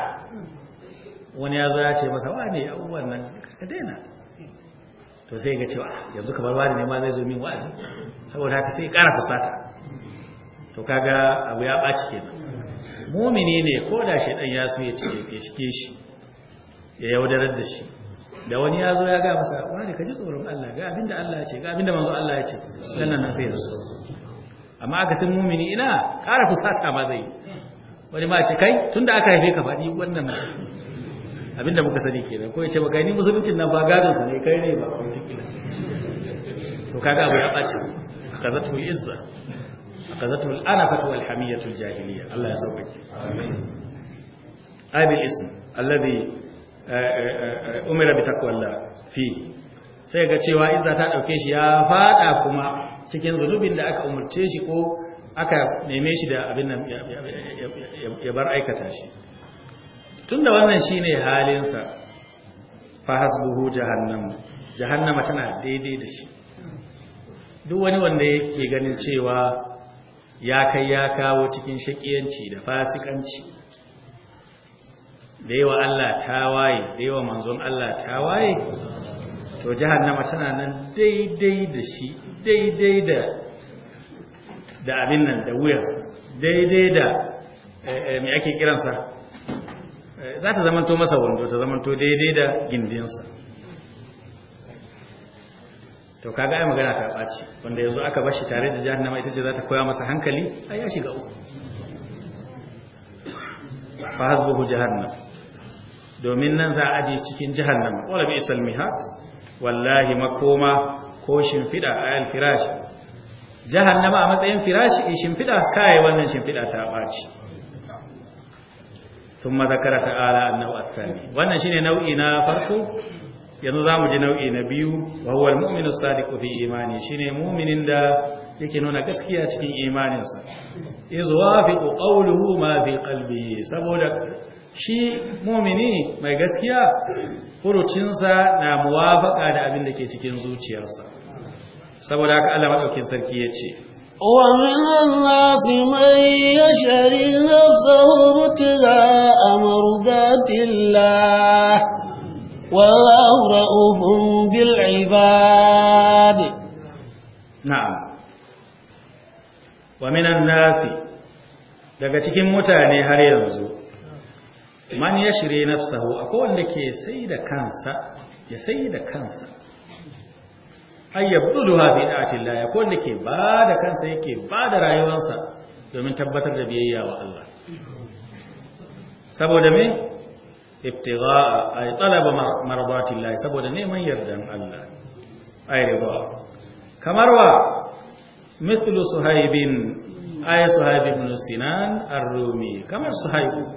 wani ya zo ya ce masa wane abubuwan nan ka daina to sai ga cewa yanzu kamar wani ne ma zai zo min wa'azi saboda haka sai ya kara fusata to kaga abu ya ɓaci kenan mumini ne ko da shi ɗan ya su ya cike shi ya yaudarar da shi da wani ya zo ya ga masa wani ka ji tsoron Allah ga abinda Allah ya ce ga abinda manzo Allah ya ce sannan nan sai ya zo amma aka san mumini ina ƙara fusata ma zai wani ma ce kai tunda aka haife ka faɗi wannan abinda muka sani kenan ko ya ce baka ni musuluncin nan ba gadon sa ne kai ne ba ko tikila to kaga abu ya ɓaci kazatu izza akazatul anafat wal hamiyatul jahiliya Allah ya sauke amin abil ism alladhi eh, eh, eh, umira bi taqwallah fi sai ga cewa izza ta dauke shi ya fada kuma cikin zulubin da aka umurce shi ko aka neme shi da abin nan ya bar aikata shi tunda wannan shine halinsa fa hasbuhu jahannam jahannama tana daidai da shi duk wani wanda yake ganin cewa ya kai ya kawo cikin shaƙiyanci da fasikanci da yawa Allah ta waye, da yawa manzon Allah ta waye? to jahannama tana nan daidai da shi daidai da da abin nan da wuyar daidai da eh, eh, me ake kiransa eh, za ta zamanto masa wando ta zamanto daidai da gindinsa to kaga ai magana ta ɓaci wanda yanzu aka bar shi tare da jahannama ita ce za ta koya masa hankali ai ya shiga uku fa hasbuhu jahannam domin nan za a aje cikin jahannam wala bi salmihat wallahi makoma ko shimfida ayal firash jahannama a matsayin firashi shimfida kai wannan shimfida ta ɓaci ثم ذكر تعالى أنه الثاني shine nau'i نوعي farko. yanzu za mu ji nau'i na biyu wa huwa al-mu'minu sadiqu fi imani shine mu'minin da yake nuna gaskiya cikin imaninsa izwafiqu qawluhu ma fi qalbihi saboda shi mu'mini mai gaskiya furucinsa na muwafaka da abin da ke cikin zuciyarsa saboda haka Allah madaukin sarki yace ومن الناس من يشري نفسه ابتغاء مرضات الله والله رؤوف بالعباد نعم ومن الناس daga cikin mutane har yanzu man ya shirye nafsahu akwai wanda ke sai da kansa ya sai da kansa ayyabdudu hafi da'atillah ya wanda ke ba da kansa yake ba da rayuwarsa domin tabbatar da biyayya wa Allah saboda me ibtigha'a ay talaba marbatillahi saboda neman yardan Allah ay riba kamar wa mithlu suhaibin ay suhaib ibn sinan ar-rumi kamar suhaib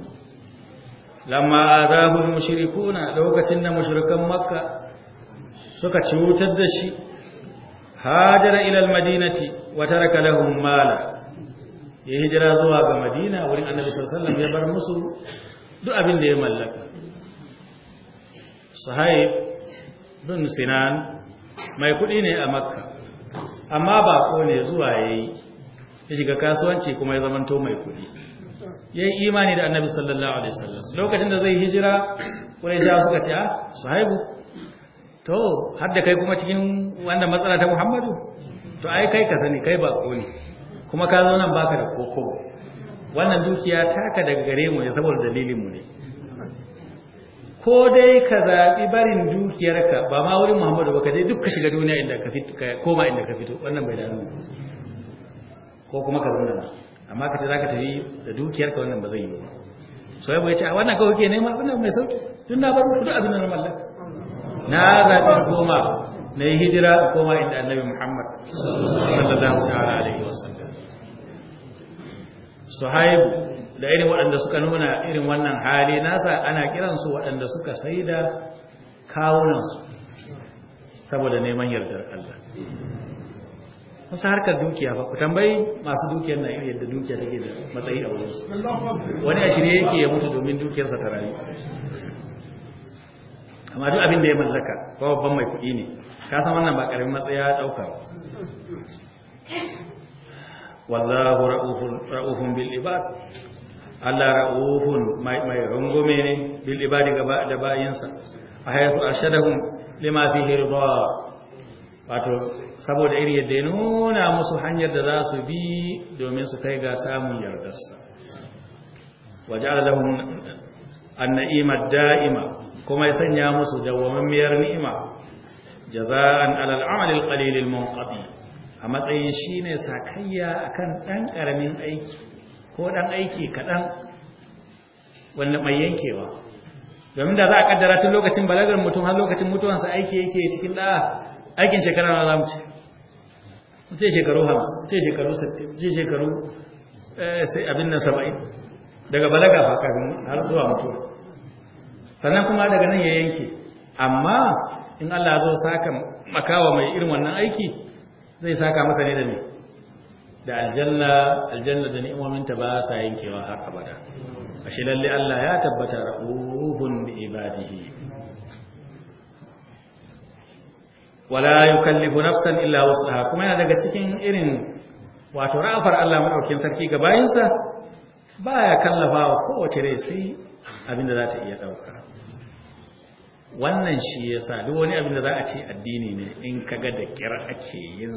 lamma adahu al-mushrikuna lokacin da mushrikan makka suka ciwutar da shi hajara ila al-madinati wa taraka lahum mala ya hijira zuwa ga madina wurin annabi sallallahu alaihi wasallam ya bar musu duk abin da ya mallaka sahib bin sinan mai kudi ne a makka amma ko ne zuwa yayi, shiga kasuwanci kuma ya zamanto mai kudi yayi imani da annabi sallallahu alaihi wasallam lokacin da zai hijira kuma ya suka ce a ah, sahibu to har da kai kuma cikin wanda matsala ta muhammadu to ai kai ka sani kai ko ne kuma ka zo nan baka da koko wannan dukiya taka daga gare mu ne saboda dalilin mu ne ko dai ka zaɓi barin dukiyarka ba ma wurin muhammadu ba ka dai duk ka shiga duniya inda ka fito ka koma inda ka fito wannan bai dano ko kuma ka zauna amma ka ce za ka tafi da dukiyarka wannan ba zai yi ba sai bai ce a wannan kawai ke nema wannan mai sauki tun na bar muku abin nan na mallaka na zaɓi koma na yi hijira koma inda annabi muhammad sallallahu alaihi wasallam suhaibu da irin waɗanda suka nuna irin wannan hali nasa ana kiransu waɗanda suka sai da kawunansu saboda neman yardar Allah wasu harkar dukiya ba ku tambayi masu dukiyar na irin yadda dukiya take da matsayi a wurinsu wani a shirye yake ya mutu domin dukiyarsa ta rayu amma duk abin da ya mallaka ba babban mai kuɗi ne ka san wannan ba ƙaramin matsaya ya ɗauka wallahu ra'ufun bil ibad Allah ra'ufun mai mai rungume ne bil ibadi gaba da bayinsa a hayatu ashadahum lima wato saboda iri yadda ya nuna musu hanyar da za su bi domin su kai ga samun yardarsa waje lahum an-na'ima da'ima kuma ya sanya musu miyar ni'ima jaza'an alal amalil mun munqati a matsayin shi ne sakayya akan ɗan ƙaramin aiki ko ɗan aiki kaɗan wanda mai yankewa domin da za a ƙaddara tun lokacin balagar mutum har lokacin mutuwansa aiki yake cikin ɗaya aikin shekara na za mu ce ce shekaru hamsin ce shekaru sattin, ce shekaru eh, sai abin da saba'in daga balaga fa kafin har zuwa mutuwa sannan kuma daga nan ya yanke amma in Allah zo saka makawa mai irin wannan aiki zai saka masa ne da ne da aljanna aljanna da ni'imominta ba sa yankewa har abada ashe lalle Allah ya tabbata ruhun bi ibadihi wala yukallifu nafsan illa wus'aha kuma yana daga cikin irin wato ra'afar Allah madaukin sarki ga bayinsa baya kallafa wa kowace rai sai abinda za ta iya dauka wannan shi ya sa duk wani abin da za a ce addini ne in kaga da kira ake yin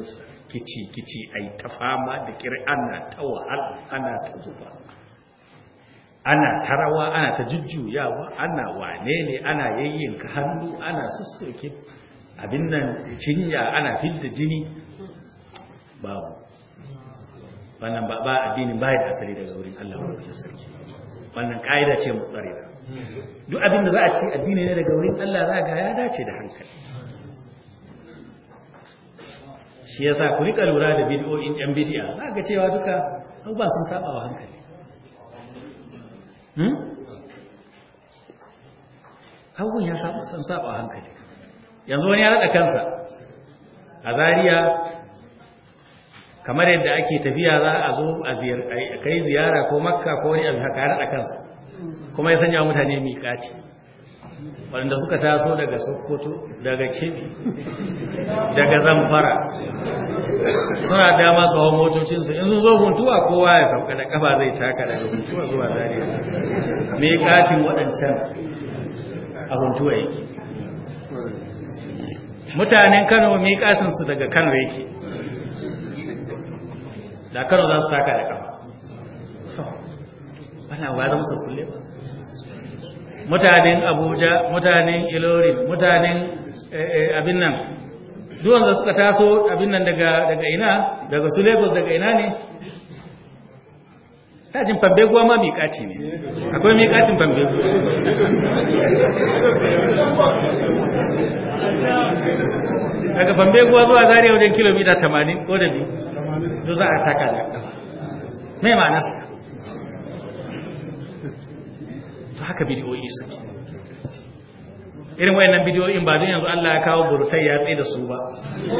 kici kici ai ta fama da kira ana ta wahala ana ta zuba ana ta rawa ana ta jujjuyawa ana wane ne ana yayyanka hannu ana sussoke abin nan cinya ana filta jini babu wannan ba addini ba ya da asali daga wurin Allah wa sarki wannan ka'ida ce mu mutsarira duk abin da za a ce addini ne daga wurin Allah za ga ya dace da hankali shi sa ku riƙa lura da bidiyoyin yan bidiya za ga cewa duka abubuwa sun saba wa hankali hmm? abubuwan ya sun saba wa hankali yanzu wani ya raɗa kansa a zariya kamar yadda ake tafiya za a zo a kai ziyara ko makka ko wani abu haka ya raɗa kansa kuma ya sanya mutane miƙati waɗanda suka taso daga sokoto daga kebbi daga zamfara suna dama su hau motocinsu in sun zo huntuwa kowa ya sauka da kafa zai taka daga huntuwa zuwa zariya miƙatin waɗancan a huntuwa yake mutanen kano miƙasinsu daga kano yake da kano za su taka da kafa ana wa zama su kulle ba mutanen abuja mutanen ilorin mutanen eh, eh, abin nan duwan da suka taso abin nan daga ina daga su lagos daga ina ne tajin fambeguwa ma miƙaci ne akwai miƙacin fambeguwa daga fambeguwa zuwa zariya wajen kilomita 80 ko da biyu zuwa a taka da ƙafa mai ma'anarsa haka bidiyoyi suke irin wayannan bidiyoyin ba don yanzu Allah ya kawo burutai ya tsaye da su ba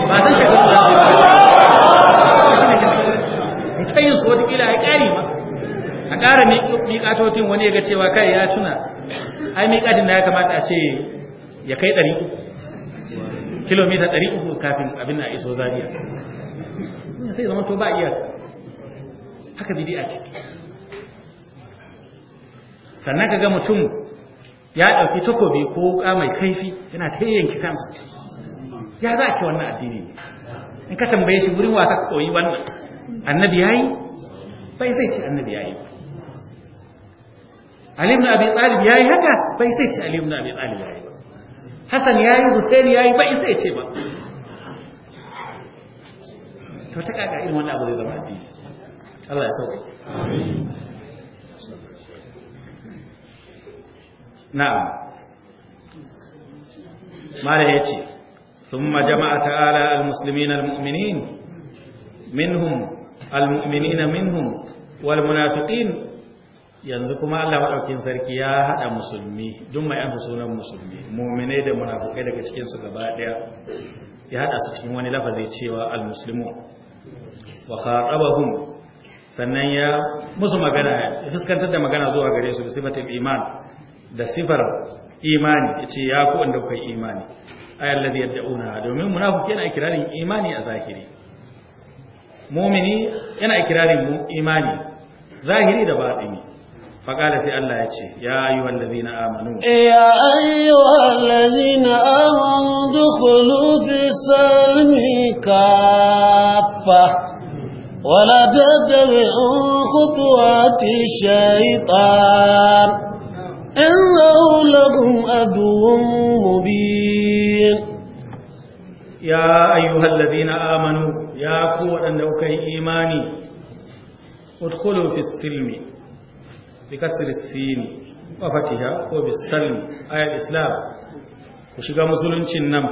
ba san shekaru ba su ba tayin su wata ya ƙari ma a ƙara miƙatotin wani ya ga cewa kai ya tuna ai miƙatin da ya kamata a ce ya kai ɗari uku kilomita ɗari uku kafin abin na iso zariya sai zama to ba iya haka a take sannan ga mutum ya ɗauki takobi ko wuka mai kaifi yana ta yanki kansa ya za a ce wannan addini ne in ka tambaye shi wurin wata ka koyi wannan annabi ya yi bai zai ce annabi ya yayi Ali abin tsalib ya yi haka bai sai ce Ali ibn Abi Talib yayi Hassan husaini Hussein yi bai sai ce ba to ta kaka irin wannan abu zai zama addini Allah ya sauke amin na'am mala yace thumma jama'a ta'ala almuslimina almu'minin minhum almu'minina minhum walmunafiqin yanzu kuma Allah madaukin sarki ya hada musulmi duk mai amsa sunan musulmi mu'minai da munafikai daga cikin su gaba daya ya hada su cikin wani lafazi cewa almuslimun wa khatabahum sannan ya musu magana ya fuskantar da magana zuwa gare su bi sifatil iman da sifar imani ce, ya ku wanda kai imani ladi yadda una, domin munafiki yana ikirarin imani a zahiri mu'mini yana ikirarin imani zahiri da batini فقال سي الله يتي يا أيها الذين آمنوا يا أيها الذين آمنوا دخلوا في السلم كافة ولا تتبعوا خطوات الشيطان إنه لهم أدو مبين يا أيها الذين آمنوا يا قوة أنك إيماني ادخلوا في السلم بكسر السين وفتها وبالسلم آية الإسلام وشيغا مسلم نم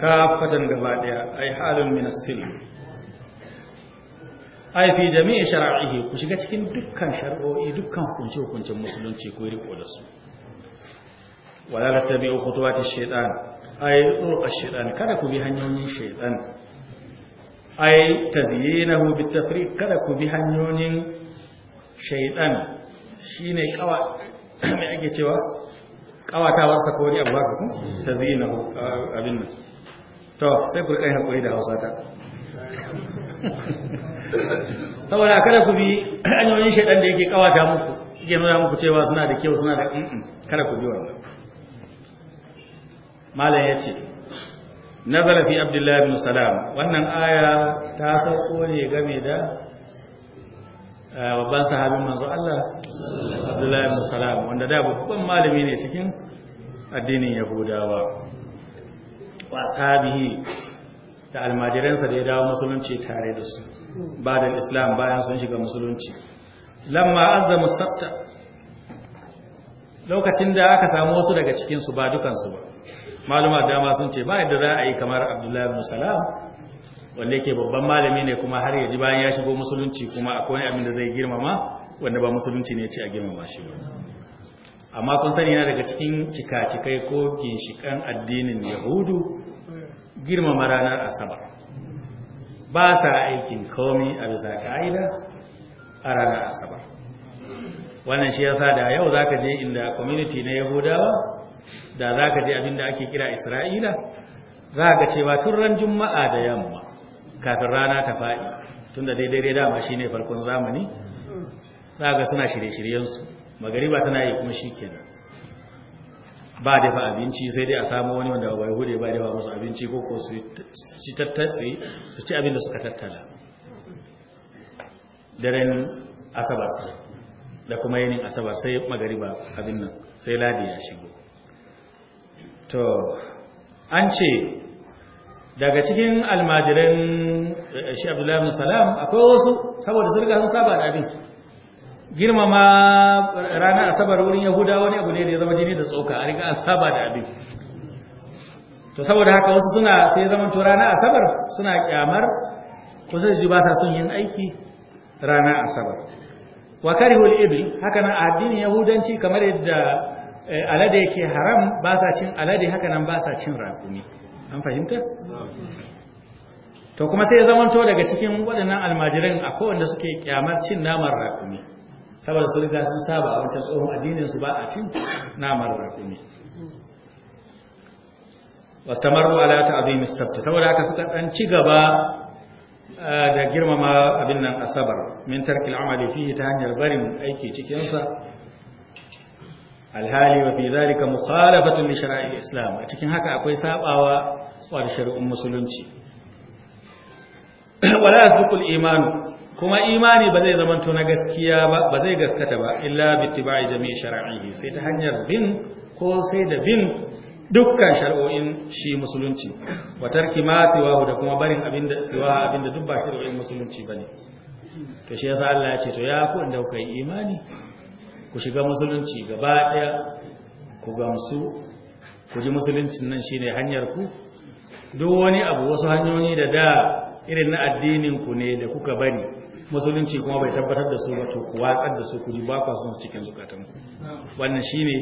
كافة قبالها أي حال من السلم ai fi jami'i shara'ihi ku shiga cikin dukkan shari'o'i dukkan kunce-kuncen musulunci ku riko da su wala tabi'u khutuwati shaytan ay turqa shaytan kada ku bi hanyoyin shaytan ay tazyinahu bitafriq kada ku bi hanyoyin shaytan shine kawa me ake cewa wasa ko wani abu haka ku tazyinahu abin nan to sai ku kai hakuri da Hausa saboda kada ku bi hanyoyin shaytan da yake kawata muku yake nuna muku cewa suna da kyau suna da kada ku bi wannan malam ya ce nazara fi abdullahi bin salam wannan aya ta sauko ne game da eh, babban sahabin manzo Allah abdullahi bin salam wanda da babban malami ne cikin addinin yahudawa wa sahabihi da almajiransa da ya dawo musulunci tare da su ba da islam bayan sun shiga musulunci lamma azzamu sabta lokacin da aka samu wasu daga cikinsu ba dukansu ba maluma dama sun ce ba yadda za a yi kamar abdullahi bin salam wanda yake babban malami ne kuma har yaji bayan ya shigo musulunci kuma akwai abin da zai girmama wanda ba musulunci ne ce a girmama shi ba amma kun sani yana daga cikin cika-cikai ko ginshikan addinin yahudu girmama ranar asabar ba sa aikin komi a bisa ka'ida a ranar asabar wannan shi yasa da yau zaka je inda community na yahudawa da za ka je abinda ake kira isra'ila za ka cewa tun ran juma'a da yamma kafin rana ta faɗi tun da daidai dama shi ne farkon zamani za ka suna shirye-shiryensu Magari ba tana yi kuma shi kenan ba dafa abinci sai dai a samu wani wanda bai hude ba dafa musu abinci ko ko su ci tattatsi su ci abin suka tattala daren asabar da kuma yinin asabar sai ba abin nan sai ladi ya shigo to an ce daga cikin almajiran eh, shi abdullahi bin salam akwai wasu saboda zirga sun saba da abin girmama ranar asabar wurin yahuda wani abu ne da ya zama jini da tsoka a riga a saba da abin to saboda haka wasu suna sai zama to ranar asabar suna kyamar kusa da ji ba sa son yin aiki ranar asabar wa karihul ibil haka nan addinin yahudanci kamar yadda Eh, alade yake haram ba sa cin alade haka nan ba sa cin rakumi an fahimta to kuma sai ya zamanto daga cikin waɗannan almajiran a wanda suke kyamar cin naman rakumi saboda sun riga sun saba a wancan tsohon addinin su ba a cin naman rakumi wastamaru ala ta'zim sabt saboda haka suka dan ci gaba eh, da girmama abin nan asabar min tarkil amali fihi ta hanyar barin aiki cikinsa. alhali wa fi zalika mukhalafatun li shara'il islam a cikin haka akwai sabawa wa shari'un musulunci wala yasbiqul imanu kuma imani ba zai zamanto na gaskiya ba ba zai gaskata ba illa bittiba'i jami'i shara'ihi sai ta hanyar bin ko sai da bin dukkan shari'o'in shi musulunci wa tarki ma siwahu da kuma barin abinda siwa abinda duk ba shari'o'in musulunci bane to shi yasa Allah ya ce to ya ku inda kuka yi imani ku shiga musulunci gaba ɗaya ku gamsu ku ji musuluncin nan shine hanyar ku duk wani abu wasu hanyoyi da da irin na addinin ku ne da kuka bari musulunci kuma bai tabbatar da su ba to ku watsar da su ku ji bakwa sun cikin zukatan ku wannan shine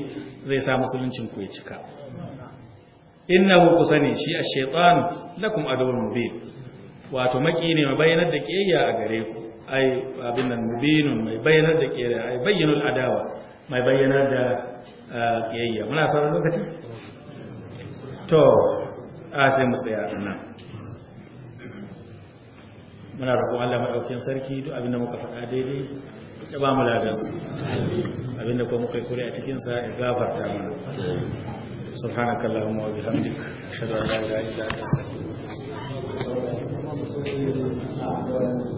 zai sa musuluncin ku ya cika innahu sani shi ash-shaytan lakum adawun mubin wato maki ne mabayyanar da kiyayya a gare ku ai abin nan mubinun mai bayyanar da kiyayya ai bayyanul adawa mai bayyanar da kiyayya muna sauran lokacin to a sai mu tsaya nan muna roƙon Allah madaukakin sarki duk abin da muka faɗa daidai ya ba mu ladan su abin da kuma muka kure a cikin sa ya gafarta mana subhanakallahumma wa bihamdika ashhadu an la ilaha illa anta astaghfiruka wa atubu